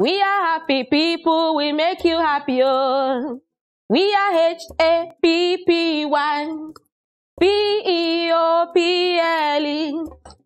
We are happy people, we make you happy, oh. We are H-A-P-P-Y, P-E-O-P-L-E. E.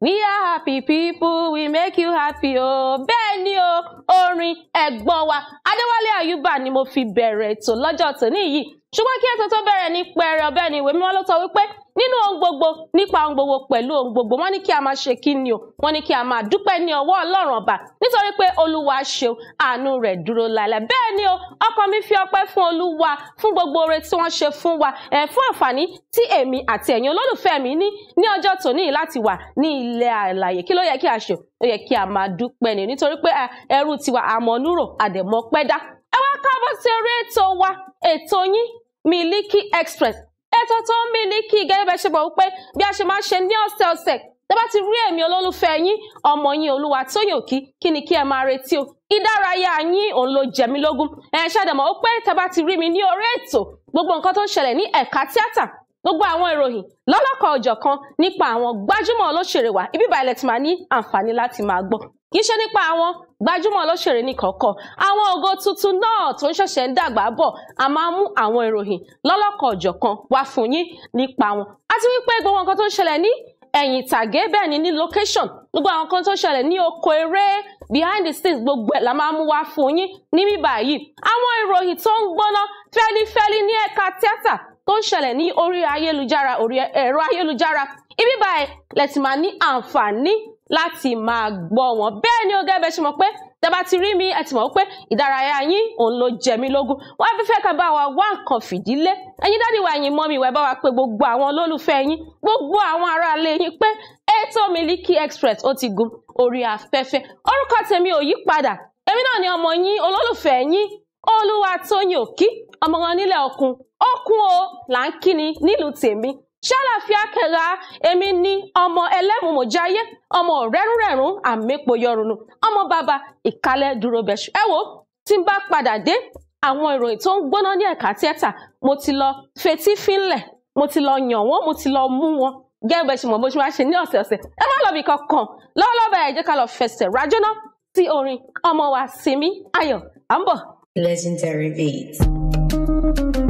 We are happy people, we make you happy, oh. Bẹ́ẹ̀ ni o, orin ẹ̀gbọ́n wa, Adéwálé Àyùbá ni mo fi bẹ̀rẹ̀ ètò lọ́jọ́ tòní yìí ṣùgbọ́n kí ètò tó bẹ̀rẹ̀ ní pẹ̀rẹ̀ ọ̀bẹ ni ìwé mímọ́ ló sọ wípé nínú ohun gbogbo nípa ohun gbogbo pẹ̀lú ohun gbogbo wọ́n ní kí a máa ṣe kí ni o wọ́n ní kí a máa dúpẹ́ ní ọwọ́ ọlọ́run ọba nítorí pé olúwa ṣeun àánú rẹ̀ dúró lálẹ́ bẹ́ẹ̀ ni o ọkàn mi fi ọpẹ́ fún olúwa fún gbogbo oore tí wọ́n ṣe fún wa ẹ̀ fún àǹfààní tí èmi àti ẹ̀yin olólùfẹ́ mi ní ní ọjọ́ tòní láti wà ní ilẹ̀ àlàyé kí ló yẹ kí a ṣe ó yẹ kí a máa dúpẹ́ ni nítorí pé ẹrú tiwa àmọ́núrò àdẹ̀mọ́pẹ́dá ẹ wá káàbọ̀ sí orí ètò wa ètò yín Miliki Express ètò tó ń Miliki gẹ́gẹ́ bẹ́ẹ̀ ṣe bọ̀ wípé bí a ṣe máa ń ṣe ní ọ̀sẹ̀ ọ̀sẹ̀ tẹ́ bá ti rí èmi olólùfẹ́ yín ọmọ yín olúwa tóyìn òkí kí ni kí ẹ máa retí o ìdárayá yín òun ló jẹ lógún ẹ ṣàdàmọ́ ó pé tẹ́ ti rí mi ní orí ètò gbogbo nǹkan tó ń ṣẹlẹ̀ ní ẹ̀ka tíátà gbogbo àwọn ìròyìn lọ́lọ́kan ọ̀jọ̀kan nípa àwọn gbajúmọ̀ olóṣèré wa ibi ìbàlẹ̀ tí máa ní àǹfààní láti máa gbọ́ kì í ṣe nípa àwọn gbajúmọ̀ olóṣèré nìkọ̀ọ̀kan àwọn ògo tuntun náà tó ń ṣẹ̀ṣẹ̀ ń dàgbà bọ̀ a máa mú àwọn ìròyìn lọ́lọ́kan ọ̀jọ̀kan wá fún yín nípa wọn àti wípé gbogbo nǹkan tó ń ṣẹlẹ̀ ní ẹ̀yìn ìtàgé bẹ́ẹ̀ ni ní location gbogbo àwọn kan tó ṣẹlẹ̀ ní oko eré behind the scenes gbogbo ẹ̀ la máa mú wá fún yín níbí báyìí àwọn ìròyìn tó ń gbóná fẹ́lifẹ́li ní ẹ̀ka tíátà tó ń ṣẹlẹ̀ ní orí ayélujára orí ẹ̀rọ ayélujára ibi báyìí lẹ ti máa ní àǹfààní láti máa gbọ́ wọn bẹ́ẹ̀ ni ó gẹ́gẹ́ ṣe mọ̀ pé tẹ́bá ti rí mi ẹ ti mọ̀ pé ìdárayá yín òun ló jẹ mí lógún wọ́n á fi fẹ́ ká bá wa wá nǹkan fìdílé ẹ̀yin dádì wa ẹ̀yin mọ́mì wa ẹ bá wa pé gbogbo àwọn olólùfẹ́ yín gbogbo àwọn aráalé yín pé ètò Miliki Express ó ti gun orí afẹ́fẹ́ orúkọ tèmi ò yí padà èmi náà ni ọmọ yín olólùfẹ́ yín Olúwatóyìn Òkí ọmọ nílẹ̀ ọkùn ọkùn o là ń kíni nílùú tèmi ṣàlàfíà kẹra èmi ní ọmọ ẹlẹ́mùmọ̀jáyé ọmọ rẹ́rùnrẹ́rùn àmẹ́pọ̀yọrùnù ọmọ bàbá ìkálẹ̀ dúró bẹ̀ṣù ẹ wo tí n bá padà dé àwọn ìròyìn tó ń gbóná ní ẹ̀ka tíẹ́tà mo ti lọ fetí fínlẹ̀ mo ti lọ yàn wọ́n mo ti lọ mú wọn gẹ́gẹ́ bẹ́ẹ̀ mọ̀ bó ṣe wá ṣe ní ọ̀sẹ̀ọ̀sẹ̀ ẹ má lọ bí kankan lọ́wọ́lọ́wọ́ ẹ ká lọ fẹsẹ̀ rájọ́ná sí orin ọmọ wa Simi Ayọ̀ à ń bọ̀. legendary beat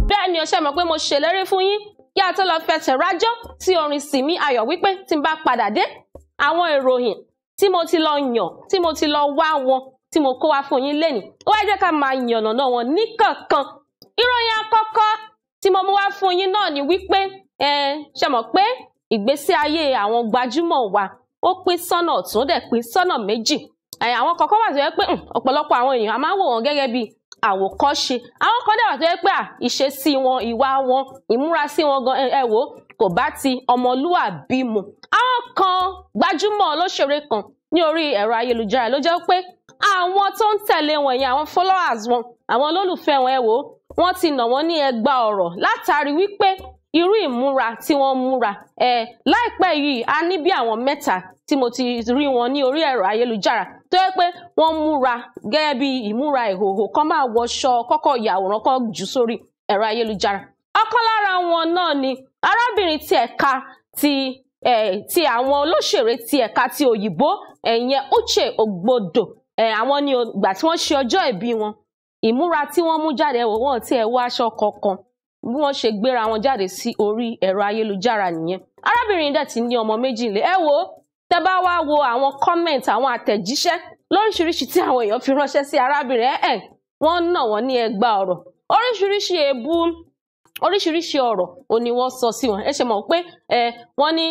bẹ́ẹ̀ ni ọṣẹ́ mọ̀ pé mo ṣèlérí fún yín kí a tó lọ fẹsẹ̀ rájọ́ sí orin Simi Ayọ̀ wípé tí n bá padà dé àwọn ìròyìn tí mo ti lọ yàn tí mo ti lọ wá wọn tí mo kó wá fún yín lénìí ó wá jẹ́ ká máa yànnà náà wọn níkọ̀ọ̀kan ìròyìn àkọ́kọ́ tí mo mú wá fún yín náà ni wípé ẹ ṣe mọ̀ pé ìgbésí ayé àwọn gbajúmọ̀ wa ó pín sọ́nà ọ̀tún dẹ̀ pín sọ́nà méjì àwọn kọ̀ọ̀kan wà tó yẹ pé ọ̀pọ̀lọpọ̀ àwọn èèyàn a máa ń wò wọ́n gẹ́gẹ́ bíi àwòkọ́ṣe àwọn kan dẹ̀ wà tó yẹ pé ìṣesí wọn ìwà wọn ìmúrasí wọn gan ẹ wò kò bá ti ọmọlúàbí mu àwọn kan gbajúmọ̀ olóṣèré kan ní orí ẹ̀rọ ayélujára ló jẹ́ pé àwọn tó ń tẹ̀lé wọn yẹn àwọn followers wọn àwọn olólùfẹ́ wọn ẹ wò wọ́n ti nà wọ́n ní ẹgbà ọ̀rọ̀ látàrí wípé irú ìmúra tí wọ́n múra ẹ̀ láìpẹ́ yìí a ní bí àwọn mẹ́ta tí mo ti rí wọn ní orí ẹ̀rọ ayélujára tó yẹ pé wọ́n múra gẹ́gẹ́ bí ìmúra ìhòòhò kan máa wọṣọ kọ́kọ́ ìyàwòrán kan jù sórí ẹ̀rọ ayélujára ọ̀kan lára wọn náà ni arábìnrin ti ẹ̀ka ti ti àwọn olóṣèré ti ẹ̀ka ti òyìnbó ẹ̀yẹn Uche Ogbodo àwọn ni ìgbà tí wọ́n ṣe ọjọ́ ìbí wọn ìmúra tí wọ́n mú jáde ẹ̀wọ̀ wọn ti ẹ̀ wọ aṣọ kankan bí wọ́n ṣe gbéra wọn jáde sí orí ẹ̀rọ ayélujára nìyẹn arábìnrin dẹ̀ ti ní ọmọ méjì ńlẹ̀ ẹ wo tẹ́ bá wá wo àwọn comment àwọn àtẹ̀jíṣẹ́ lóríṣiríṣi tí àwọn èèyàn fi ránṣẹ́ sí arábìnrin ẹ ẹ wọ́n nà wọ́n ní ẹgbà ọ̀rọ̀ oríṣiríṣi èébú oríṣiríṣi ọ̀rọ̀ ò ní wọ́n sọ sí wọn ẹ ṣe mọ̀ pé ẹ wọ́n ní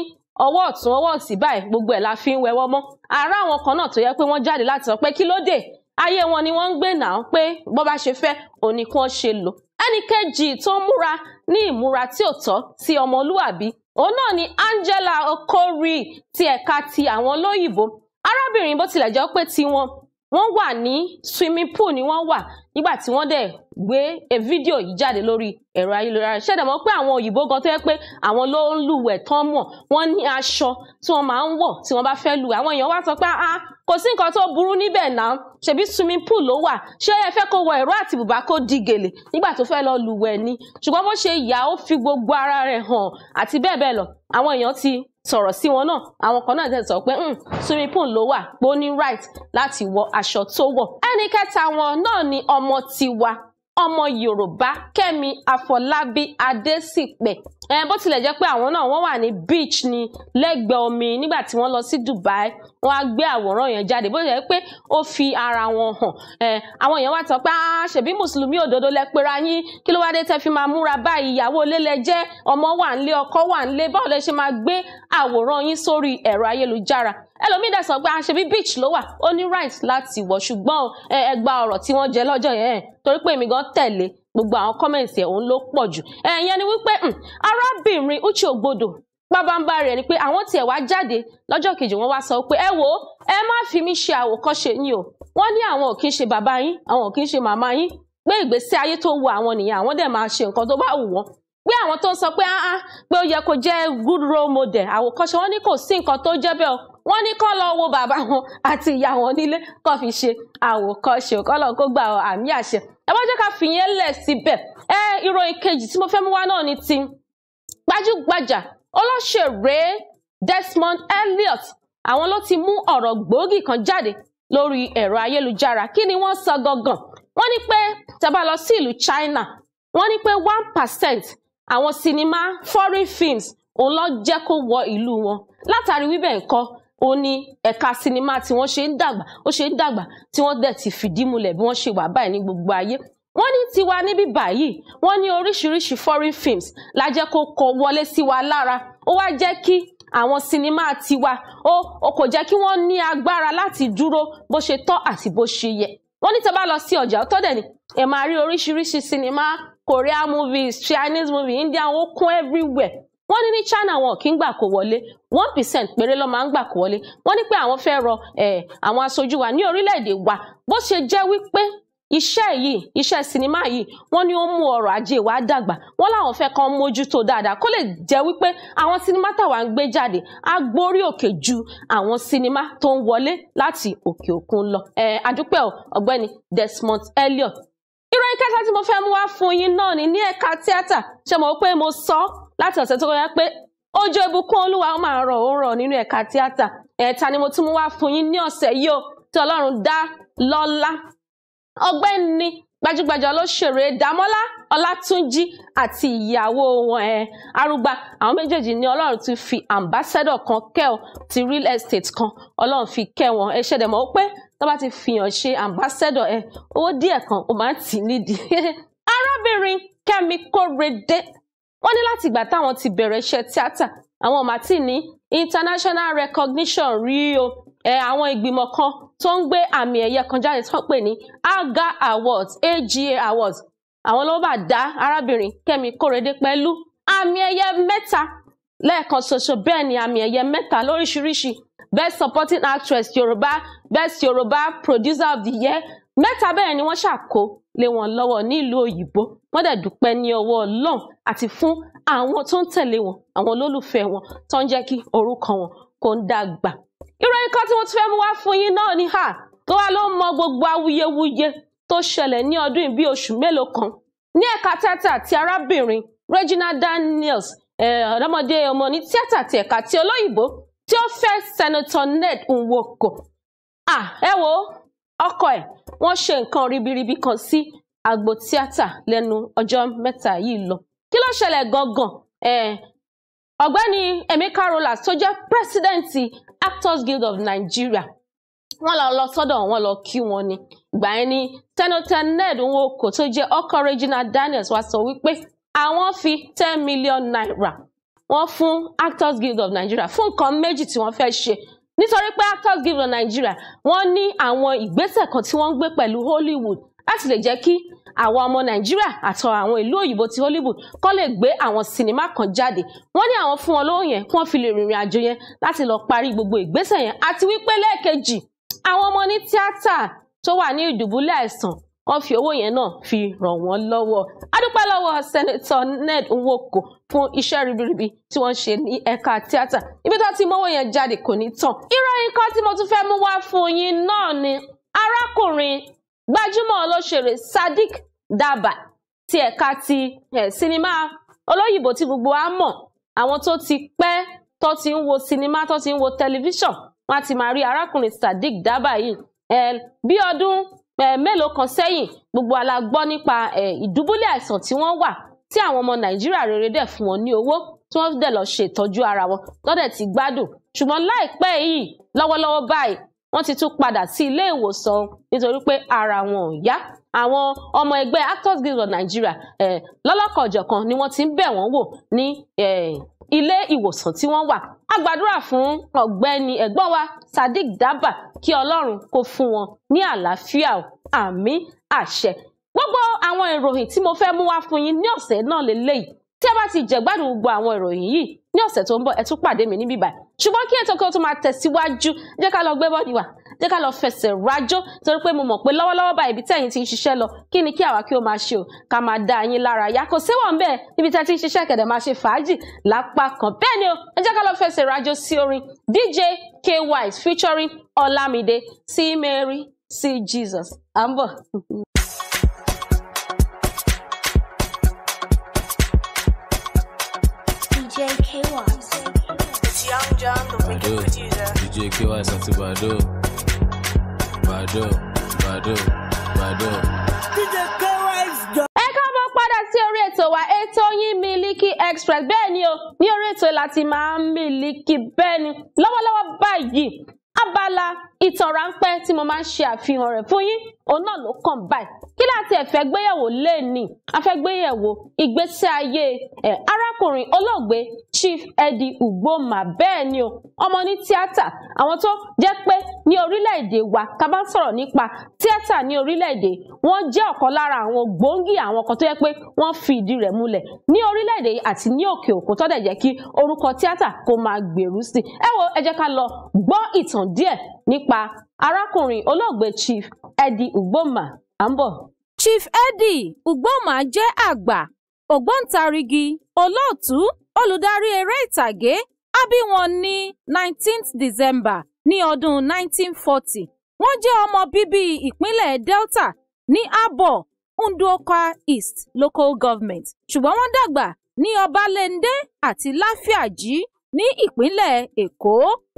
ọwọ́ ọ̀tún ọwọ́ òsì báyìí gbogbo ẹ̀ la fi ń wẹwọ́ mọ́ ara àwọn kan náà tó yẹ pé wọ́n jáde láti sọ pé kí ló dé ayé wọn ni wọ́n ń gbé náà pé bó bá ṣe fẹ́ òní kí wọ́n ṣe lò ẹnìkejì tó múra ní ìmúra tí ò tọ́ sí ọmọlúwàbí òun náà ni Angela Okori ti ẹ̀ka ti àwọn olóyìnbó arábìnrin bó tilẹ̀ jẹ́ pé tiwọn wọ́n wà ní swimming pool ni wọ́n wà nígbà tí wọ́n dẹ̀ gbé fídíò yìí jáde lórí ẹ̀rọ ayélujára ṣẹ̀dá mọ̀ pé àwọn òyìnbó gan tó yẹ pé àwọn ló ń lùwẹ̀ tán mọ̀ wọ́n ní aṣọ tí wọ́n máa ń wọ̀ tí wọ́n bá fẹ́ lùwẹ̀ àwọn èèyàn wá sọ pé ah kò sí nǹkan tó burú níbẹ̀ náà ṣebí swimming pool ló wà ṣé ẹ fẹ́ kó wọ ìró àti bùbá kó di gèlè nígbà tó fẹ́ lọ lùwẹ̀ ni ṣùgbọ́n bó ṣe yà ó fi gbogbo ara rẹ̀ hàn àti bẹ́ẹ̀ bẹ́ẹ̀ lọ àwọn èèyàn ti sọ̀rọ̀ sí wọn náà àwọn kan náà tẹ̀sán pé hmm, swimming pool ló wà pé ó ní right láti wọ aṣọ tó wọ̀ ẹnì kẹta wọn náà ni ọmọ tiwa ọmọ yorùbá kẹ́mi àfọlábí adésìpẹ̀ ẹ bó tilẹ̀ jẹ́ pé àwọn náà wọ́n wà ní beach ni lẹ́gbẹ̀ẹ́ omi nígbà tí wọ́n lọ sí Dubai wọ́n á gbé àwòrán yẹn jáde bó tilẹ̀ jẹ́ pé ó fi ara wọn hàn ẹ àwọn èèyàn wá tán pé ah ṣèbí mùsùlùmí òdodo lẹ pera yín kí ló wá dé tẹ́ fi máa múra báyìí ìyàwó ilé lẹ jẹ́ ọmọ wà ń lé ọkọ wà ń lé báwo lẹ ṣe máa gbé àwòrán yín sórí ẹ̀rọ ayélujára ẹlòmíì dẹ̀ sọ pé àṣebí beach ló wà ó ní right láti wọ̀ ṣùgbọ́n ẹgbà ọ̀rọ̀ tí wọ́n jẹ lọ́jọ́ yẹn torí pé èmi gan tẹ̀lé gbogbo àwọn kọ́mẹ̀ǹtì ẹ̀ òun ló pọ̀ jù ẹ̀yẹn ni wípé hmm, arábìnrin Uche Ogbodo pábánbá rẹ̀ ni pé àwọn tiẹ̀ wá jáde lọ́jọ́ kejì wọ́n wá sọ pé ẹ wo ẹ má fi mí ṣe àwòkọ́ṣe ni o wọ́n ní àwọn ò kí ń ṣe bàbá yín àwọn ò kí ń ṣe màmá yín pé ìgbésí ayé tó wu àwọn nìyẹn àwọn dẹ̀ máa ṣe nǹkan tó bá wù wọ́n pé àwọn tó ń sọ pé áá pé ó yẹ kó jẹ́ good role model àwòkọ́ṣe wọ́n ní kò sí nǹkan tó jẹ́ bẹ́ẹ̀ o wọ́n ní kán lọ wo bàbá wọn àti ìyá wọn nílé kó fi ṣe àwòkọ́ṣe kán lọ kó gbà àmì àṣẹ ẹ wá jẹ́ ká fìyẹn lẹ̀ síbẹ̀ ẹ ìròyìn kejì tí mo fẹ́ mú wá náà ni ti gbajúgbajà olóṣèré Desmond Elliot àwọn ló ti mú ọ̀rọ̀ gbòógì kan jáde lórí ẹ̀rọ ayélujára kí ni wọ́n sọ gangan wọ́n ní pé tẹ́bá lọ sí ìlú China wọ́n ní pé one percent àwọn sinimá foreign films òun ló jẹ́ kó wọ ìlú wọn látàrí wíbẹ̀ nǹkan ó ní ẹ̀ka sinimá tí wọ́n ṣe ń dàgbà ó ṣe ń dàgbà tí wọ́n dẹ̀ ti fìdí múlẹ̀ bí wọ́n ṣe wà báyìí ní gbogbo ayé wọ́n ní tiwa níbí báyìí wọ́n ní oríṣiríṣi foreign films la jẹ́ kó kọ wọlé sí wa lára ó wá jẹ́ kí àwọn sinimá tiwa ó ó kò jẹ́ kí wọ́n ní agbára láti dúró bó ṣe tọ́ àti bó ṣe yẹ wọ́n ní tẹ́ bá lọ sí ọjà ọ̀tọ̀ dẹ̀ ni ẹ máa rí oríṣiríṣi sinimá Korean movies Chinese movies Indian ó kún everywhere wọ́n ní ní China wọn kì í gbà kó wọlé one percent péré ló máa ń gbà kó wọlé wọ́n ní pé àwọn fẹ́ rọ àwọn aṣojú wa ní orílẹ̀-èdè wa bó ṣe jẹ́ wípé iṣẹ́ yìí iṣẹ́ sinimá yìí wọ́n ní ó mú ọrọ̀ ajé wa dàgbà wọ́n láwọn fẹ́ kàn mójútó dáadáa kó lè jẹ́ wípé àwọn sinimá táwa ń gbé jáde á gbórí òkè ju àwọn sinimá tó ń wọlé láti òkè òkun lọ. ẹ adúpẹ́ ọ̀gbẹ́ni Desmond Elliot ìròyìn kẹta tí mo fẹ́ mú wá fún yín náà ni ní ẹ̀ka tíátà ṣe mọ̀ pé mo sọ ọ́ láti ọ̀sẹ̀ tó kọjá pé ojú ìbùkún olúwa ó máa rọ̀ ó rọ̀ nínú ẹ̀ka tíátà ẹ̀ta ni mo tún mú wá fún yín ní ọ̀sẹ̀ yìí o tí ọlọ́run dá lọ́lá ọgbẹ́ni gbajúgbajà olóṣèré dámọ́lá ọlátúnjí àti ìyàwó wọn ẹ arúgbá àwọn méjèèjì ni ọlọ́run ti fi ambassador kan kẹ́ ọ ti real estate kan ọlọ́run fi kẹ́ wọn ẹ ṣẹ̀dẹ̀ mọ̀ ó pé tó bá ti fìyàn ṣe ambassador ẹ owó díẹ̀ kan ó máa ń tì nídìí arábìnrin kẹ́mi kórede wọ́n ní láti ìgbà táwọn ti bẹ̀rẹ̀ iṣẹ́ tíátà àwọn ọ̀mà ní international recognition rí o ẹ àwọn ìgbìmọ̀ kan tó ń gbé àmì ẹ̀yẹ kan jáde tó ń pè ní AGA Awards AGA Awards àwọn ló bá dá arábìnrin Kẹ́mi Kórèdé pẹ̀lú àmì ẹ̀yẹ mẹ́ta lẹ́ẹ̀kan ṣoṣo bẹ́ẹ̀ ni àmì ẹ̀yẹ mẹ́ta lóríṣiríṣi best supporting actress Yorùbá best Yorùbá producer of the year mẹ́ta bẹ́ẹ̀ ni wọ́n ṣàkó lé wọn lọ́wọ́ nílùú òyìnbó wọ́n dẹ̀ dúpẹ́ ní ọwọ́ Ọlọ́run àti fún àwọn tó ń tẹ̀lé wọn àwọn olólùfẹ́ wọn tó ń jẹ́ kí orúkọ wọn kó ń dàgbà. ìròyìn kan tí mo ti fẹ́ mú wá fún yín náà ni ha tó wá ló ń mọ gbogbo awuyewuye tó ṣẹlẹ̀ ní ọdún ìbí oṣù mélòó kan ní ẹ̀ka tíátà ti arábìnrin Regina Daniels ọ̀dọ́mọdé ọmọ ní tíátà ti ẹ̀ka ti olóyìnbó tí ó fẹ́ Senator Ned Nwoko ah ẹ wo ọkọ ẹ̀ wọ́n ṣe nǹkan ribiribi kan sí agbo tíátà lẹ́nu ọjọ́ mẹ́ta yìí lọ kí ló ṣẹlẹ̀ gangan ọ̀gbẹ́ni Emeka Rollas tó jẹ́ pírẹsidẹ́ǹtì Actors Guild of Nigeria wọ́n lọ lọ sọ́dọ̀ wọn lọ kí wọn ni ìgbà yẹn ni senator Ned Nwoko tó jẹ́ ọkọ Regina Daniels wá sọ wípé àwọn fi ten million naira wọ́n fún Actors Guild of Nigeria fún nǹkan méjì tí wọ́n fẹ́ ṣe nítorí pé Actors Guild of Nigeria wọ́n ní àwọn ìgbésẹ̀ kan tí wọ́n ń gbé pẹ̀lú Hollywood láti lè jẹ́ kí àwa ọmọ nàìjíríà àtọ àwọn ìlú òyìnbó ti hollywood kọ́ lè gbé àwọn sinimá kan jáde wọ́n ní àwọn fún wọn lówó yẹn kí wọ́n fi lè rìnrìn àjò yẹn láti lọ parí gbogbo ìgbésẹ̀ yẹn àti wípé lẹ́ẹ̀kejì àwọn ọmọ ní tíátà tó wà ní ìdùbúlẹ̀ àìsàn wọ́n fi owó yẹn náà fi ràn wọ́n lọ́wọ́ adúpẹ́ lọ́wọ́ sẹ́nẹ́tọ̀ ned nwoko fún iṣẹ́ ribiribi tí wọ́n ṣe ní ẹ̀ka tíátà ibi tó ti mọ́wọ́ yẹn jáde kò ní tán ìròyìn kan tí mo tún fẹ́ mú wá fún yín náà ni arákùnrin gbajúmọ̀ olóṣèré Sadiq Daba ti ẹ̀ka ti eh, sinimá olóyìnbó tí gbogbo wa mọ̀ àwọn tó ti pẹ́ tó ti ń wo sinimá tó ti ń wo tẹlifíṣàn wọn ti máa rí arákùnrin Sadiq Daba yìí eh, bí ọdún eh, mélòó kan sẹ́yìn gbogbo wa la gbọ́ nípa ìdúbúlẹ̀ àìsàn tí wọ́n wà tí àwọn ọmọ Nàìjíríà rere dẹ̀ fún wọn ní owó tí wọ́n dẹ̀ lọ ṣètọ́jú ara wọn lọ́dẹ̀ ti gbádùn ṣùgbọ́n láìpẹ́ yìí lọ́wọ́lọ́wọ́ báyìí wọ́n ti tún padà sí ilé ìwòsàn nítorí pé ara wọn ò yá àwọn ọmọ ẹgbẹ́ Actors Guild of Nigeria eh, lọ́lọ́kanòjọ̀kan ni wọ́n ti ń bẹ̀ wọ́n wò ní eh, ilé ìwòsàn tí wọ́n wà a gbàdúrà fún ọ̀gbẹ́ni ẹ̀gbọ́n wa Sadiq Daba kí Ọlọ́run kó fún wọn ní àlàáfíà àmín àṣẹ gbogbo àwọn ìròyìn tí mo fẹ́ mú wá fún yín ní ọ̀sẹ̀ náà lélẹ́yìí tí ẹ bá ti jẹ̀gbádùn gbogbo àwọn ìròyìn yìí ní ọ̀sẹ̀ tó ń bọ̀ ẹ tún pàdé mi níbí báyìí ṣùgbọ́n kí ètò kan tó máa tẹ̀síwájú jẹ́ ká lọ gbé bọ́ọ̀dì wá jẹ́ ká lọ fẹsẹ̀ rájò torí pé mo mọ̀ pé lọ́wọ́lọ́wọ́ báyìí ibi tẹ̀yìn ti ń ṣiṣẹ́ lọ kí ni kí àwa kí ó máa ṣe o ká máa da yín lára yá kò síwọ̀ ń bẹ̀ níbi tẹ́ ti ń ṣiṣẹ́ kẹ̀dẹ̀ máa ṣe fàájì lápá kan bẹ́ẹ̀ ni o ẹ jẹ́ ká lọ fẹsẹ̀ rájò sí orin DJ Kwise featuring Olamide sí Mary sí Jesus à ń bọ̀. DJ Kwise. Badu, DJ KY Santi badu, badu, badu, badu. DJ KY is the. Ẹ káàbọ̀ padà sí orí ètò wa ètò yín Miliki Express bẹ́ẹ̀ ni o ní orí ètò láti máa ń miliki bẹ́ẹ̀ ni lọ́wọ́lọ́wọ́ báyìí abala ìtàn ráńpẹ́ tí mo máa ń ṣe àfihàn rẹ̀ fún yín òun náà ló kàn báyìí kí láti ẹ̀fẹ́ gbéyẹ̀wò lẹ́ẹ̀ni afẹ́gbéyẹ̀wò ìgbésí ayé ẹ̀ arákùnrin olóògbé Chief Eddie Ugboma bẹ́ẹ̀ ni o ọmọ ní tíátà àwọn tó jẹ́ pé ní orílẹ̀-èdè wa ká bá ń sọ̀rọ̀ nípa tíátà ní orílẹ̀-èdè wọ́n jẹ́ ọ̀kan lára àwọn gbòógì àwọn kan tó jẹ́ pé wọ́n fi ìdí rẹ̀ múlẹ̀ ní orílẹ̀-èdè àti ní òkè òkun tó dẹ̀ jẹ́ kí orúkọ tíátà kó máa gbèrú sí ẹ wo ẹ jẹ́ ká lọ gbọ́ ìtàn díẹ̀ nípa arákùnrin olóògbé Chief Eddie Ugboma à ń bọ̀. Chief Eddie Ugboma jẹ́ àgbà ògbóǹtarìgì olóòtú olùdarí eré ìtàgé a bí wọn ní 19 December ní ọdún 1940 wọ́n jẹ́ ọmọ bíbí ìpínlẹ̀ Delta ní Abo Nduoka East Local Government ṣùgbọ́n wọ́n dàgbà ní Ọbalẹ́ndé àti Láfíàjì ní ìpínlẹ̀ Èkó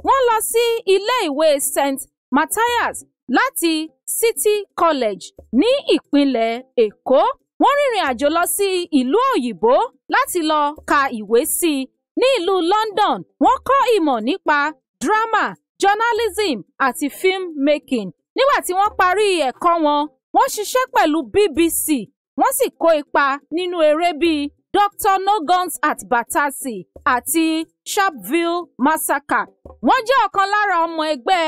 wọ́n lọ sí ilé ìwé St Matthias láti City College ní ìpínlẹ̀ Èkó wọ́n rìnrìn àjò lọ sí ìlú òyìnbó láti lọ ka ìwé sí i ní ìlú London wọ́n kọ́ ìmọ̀ nípa drama journalism àti film making nígbà tí wọ́n parí ẹ̀kọ́ wọn wọ́n ṣiṣẹ́ pẹ̀lú BBC wọ́n sì kó ipa nínú eré bíi Dr No Guns at Battersea àti Sharpville Massacre wọ́n jẹ́ ọ̀kan lára ọmọ ẹgbẹ́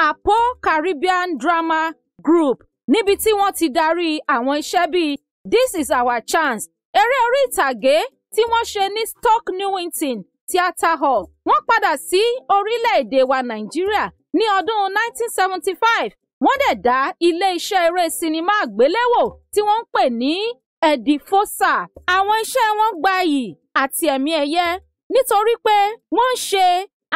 apo caribbean drama group níbi tí wọ́n ti darí àwọn iṣẹ́ bíi this is our chance eré orí ìtàgé tí wọ́n ṣe ní stoke newington theatre hall wọ́n padà sí orílẹ̀-èdè wa nàìjíríà ní ọdún 1975 wọ́n dẹ̀ dá ilé-iṣẹ́ eré sinimá àgbéléwò tí wọ́n ń pè ní edifosa àwọn iṣẹ́ wọn gba iyì àti ẹ̀mí ẹ̀yẹ nítorí pé wọ́n ń ṣe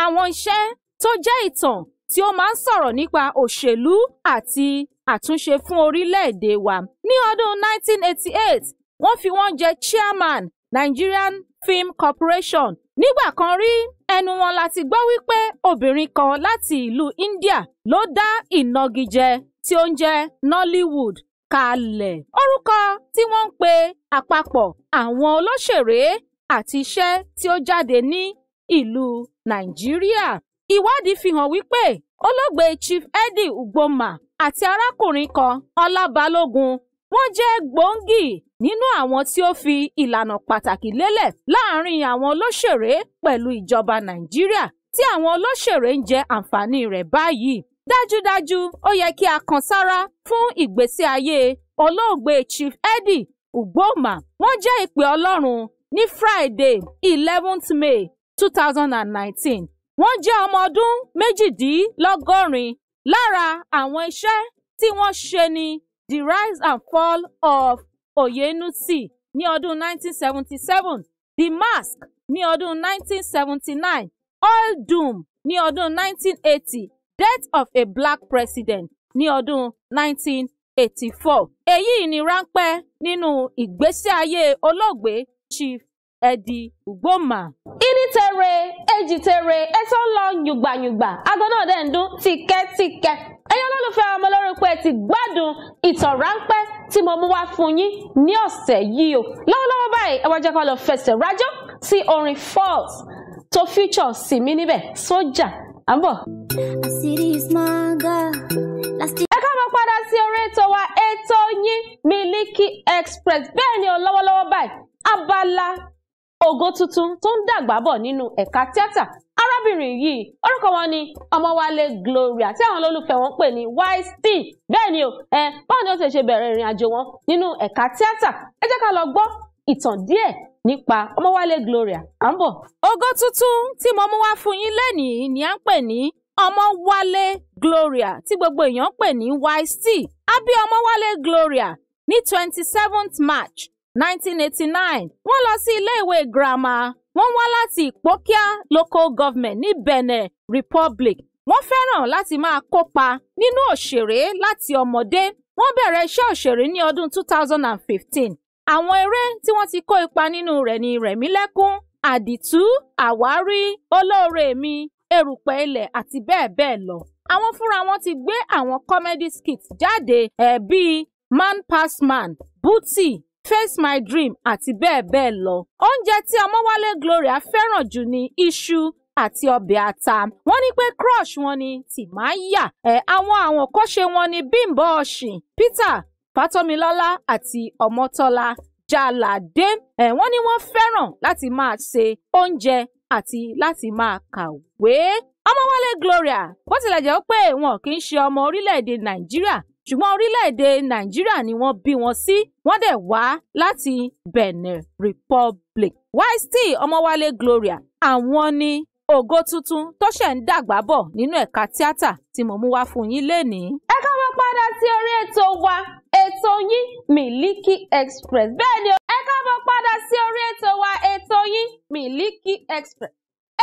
àwọn iṣẹ́ tó jẹ́ ìtàn tí ó máa ń sọ̀rọ̀ nípa òṣèlú àti àtúnṣe fún orílẹ̀-èdè wa. Ní ọdún 1988, wọ́n fi wọ́n jẹ chairman Nigerian Film Corporation. Nígbà kan rí ẹnu wọn láti gbọ́ wípé obìnrin kan láti ìlú India ló dá ìnagijẹ tí ó ń jẹ́ Nollywood kalẹ̀. Orúkọ tí wọ́n ń pe àpapọ̀ àwọn olóṣèré àti iṣẹ́ tí ó jáde ní ìlú Nàìjíríà ìwádìí fi hàn wípé olóògbé chief eddie ugboma àti arákùnrin kan ọlá balógun wọ́n jẹ́ gbòǹgì nínú àwọn tí ó fi ìlànà pàtàkì lélẹ̀ láàrin àwọn olóṣèré pẹ̀lú ìjọba nàìjíríà tí àwọn olóṣèré ń jẹ àǹfààní rẹ̀ báyìí dájúdájú ó yẹ kí a kan sára fún ìgbésí ayé olóògbé chief eddie ugboma wọ́n jẹ́ ìpè ọlọ́run ní friday eleventh may two thousand and nineteen wọ́n jẹ́ ọmọ ọdún méjìdínlọ́gọ́rin lára àwọn iṣẹ́ tí wọ́n ṣe ni the rise and fall of Oyenusi ní ọdún 1977 the mask ní ọdún 1979 oil doom ní ọdún 1980 death of a black president ní ọdún 1984. èyí ni ráńpẹ́ nínú ìgbésí ayé olóògbé Chief ẹ̀dì ugboma. ìnítere èjìtere ẹtọ́ ń lọ yùgbàyùgbà aago náà dẹ̀ ń dún tìkẹ́tìkẹ́. ẹ̀yin olólùfẹ́ ọmọ lórí pé ti gbádùn ìtàn ráńpẹ́ tí mo mú wá fún yín ní ọ̀sẹ̀ yìí o. lọ́wọ́lọ́wọ́ báyìí ẹ e wá jẹ́ ká lọ fẹsẹ̀ rájọ́ sí orin falls tó feature sí mi níbẹ̀ sójà àbọ̀. ẹ káàbọ̀ padà sí orí ètò wa ètò yín Miliki Express bẹ́ẹ̀ ni o lọ́wọ́lọ́wọ́ báyìí abala ògo tuntun tó ń dàgbà bọ̀ nínú ẹ̀ka tíátà arábìnrin yìí orúkọ wọn ni ọmọwálé gloria tí àwọn olólùfẹ́ wọn pè ní wise t bẹ́ẹ̀ ni o ẹ báwo ni ó ti ṣe bẹ̀rẹ̀ ìrìn àjò wọn nínú ẹ̀ka tíátà ẹ jẹ́ ká lọ gbọ́ ìtàn díẹ̀ nípa ọmọwálé gloria à ń bọ̀. ògo tuntun tí mo mú wá fún yín lẹ́nìí ni à ń pè ní ọmọwálé gloria tí gbogbo èèyàn ń pè ní wise t a bí ọmọwálé gloria ní twenty seventh march 1989 wọ́n lọ sí iléèwé girama wọ́n wá láti ìpókíà local government ní Benin Republic wọ́n fẹ́ràn láti máa kópa nínú òṣèré láti ọmọdé wọ́n bẹ̀rẹ̀ iṣẹ́ òṣèré ní ọdún 2015 àwọn eré tí wọ́n ti kó ipa nínú rẹ̀ ni Rẹ̀mílẹ́kún Àdìtú Àwárí Olóore mi Erùpẹ̀ ilẹ̀ àti bẹ́ẹ̀ bẹ́ẹ̀ lọ àwọn fúnra wọn ti gbé àwọn comedy skits jáde ẹ̀ bíi Man Pass Man Booty face my dream àti bẹ́ẹ̀ bẹ́ẹ̀ lọ. oúnjẹ tí ọmọwálé gloria fẹ́ràn jù ni iṣu àti ọbẹ̀ ata. wọ́n ní pé crush wọn ni tìmáyà ẹ̀ àwọn àwọn kọ́ṣe wọn ni bímbọ́ ọ̀sìn peter fatomilola àti ọmọtọ́lá jálàdé ẹ̀ wọ́n ní wọ́n fẹ́ràn láti máa ṣe oúnjẹ àti láti máa kàwé. ọmọwálé gloria bó tilẹ̀ jẹ́ pé wọn kì í ṣe ọmọ orílẹ̀-èdè nàìjíríà ṣùgbọ́n orílẹ̀-èdè nàìjíríà ni wọ́n bí wọn sí wọ́n dẹ̀ wá láti benin republic wise ọmọwálé gloria àwọn ni ògo tuntun tó ṣẹ̀ ń dàgbà bọ̀ nínú ẹ̀ka tíátà tí mo mú wá fún yín lénìí. ẹ káwọ́ padà sí orí ètò wa ètò yín Miliki Express bẹ́ẹ̀ ni ẹ káàbọ̀ padà sí orí ètò wa ètò yín Miliki Express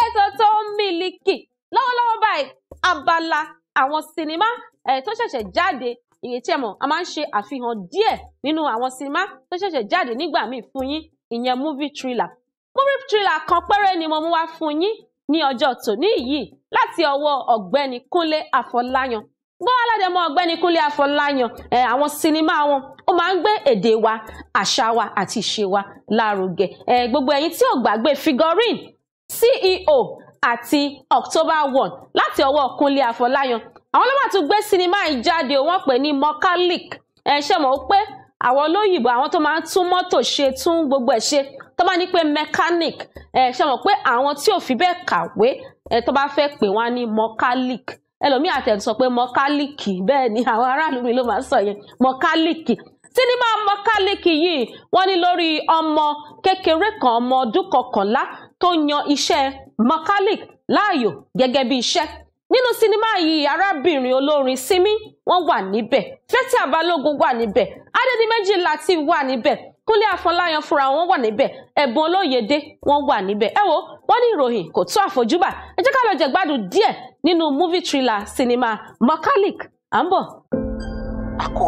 ètò tó ń miliki lọ́wọ́lọ́wọ́ báyìí abala àwọn sinimá ẹ̀ eh, tó ṣẹ̀ṣẹ̀ jáde ìrètí ẹ̀mọ́ a máa ń ṣe àfihàn díẹ̀ nínú àwọn sinimá tó ṣẹ̀ṣẹ̀ jáde nígbà míì fún yín ìyẹn movie thriller movie thriller kan péré ni mo mú wá fún yín ní ọjọ́ tòní yìí láti ọwọ́ ọ̀gbẹ́ni Kúnlé Afọláyan gbọ́ aládẹmọ ọ̀gbẹ́ni Kúnlé Afọláyan ẹ̀ àwọn sinimá wọn ó máa ń gbé èdè wa àṣà wa àti ìṣe wa lárugẹ ẹ̀ gbogbo ẹ̀yin tí ò gbàgbé figurine CEO àti October one láti ọwọ́ Kúnlé Afọláyan àwọn ló mà tún gbé sinimá yìí jáde wọ́n pè ní mọkálík ẹ ṣe mọ̀ pé àwọn olóyìnbó àwọn tó máa ń tún mọ́tò ṣe tún gbogbo ẹ̀ ṣe tó bá ní pé mechanic ẹ ṣe mọ̀ pé àwọn tí ò fi bẹ́ẹ̀ kàwé ẹ tó bá fẹ́ pè wọ́n ní mọkálík ẹlòmíì àtẹ̀tù sọ pé mọkálíkì bẹ́ẹ̀ ni àwọn aráàlú mi ló máa ń sọ yẹn mọkálíkì sinimá mọkálíkì yìí wọ́n ní lórí ọmọ kékeré kan ọmọ ọdún kọkànlá tó yan iṣẹ́ mọkálíkì láàyò gẹ́gẹ́ bí iṣẹ́ nínú sinimá yìí arábìnrin olórin Simi wọ́n wà níbẹ̀ Fathia Balógun wà níbẹ̀ Adédìméjì Lateef wà níbẹ̀ Kúnlé Afọláyan fúnra wọn wà níbẹ̀ Ẹ̀bùn Olóyèdé wọ́n wà níbẹ̀ ẹ wo wọ́n ní ìròyìn kò tó àfojúbà ẹ jẹ́ ká lọ jẹ gbádùn díẹ̀ nínú movie thriller sinimá Mechanic à ń bọ̀.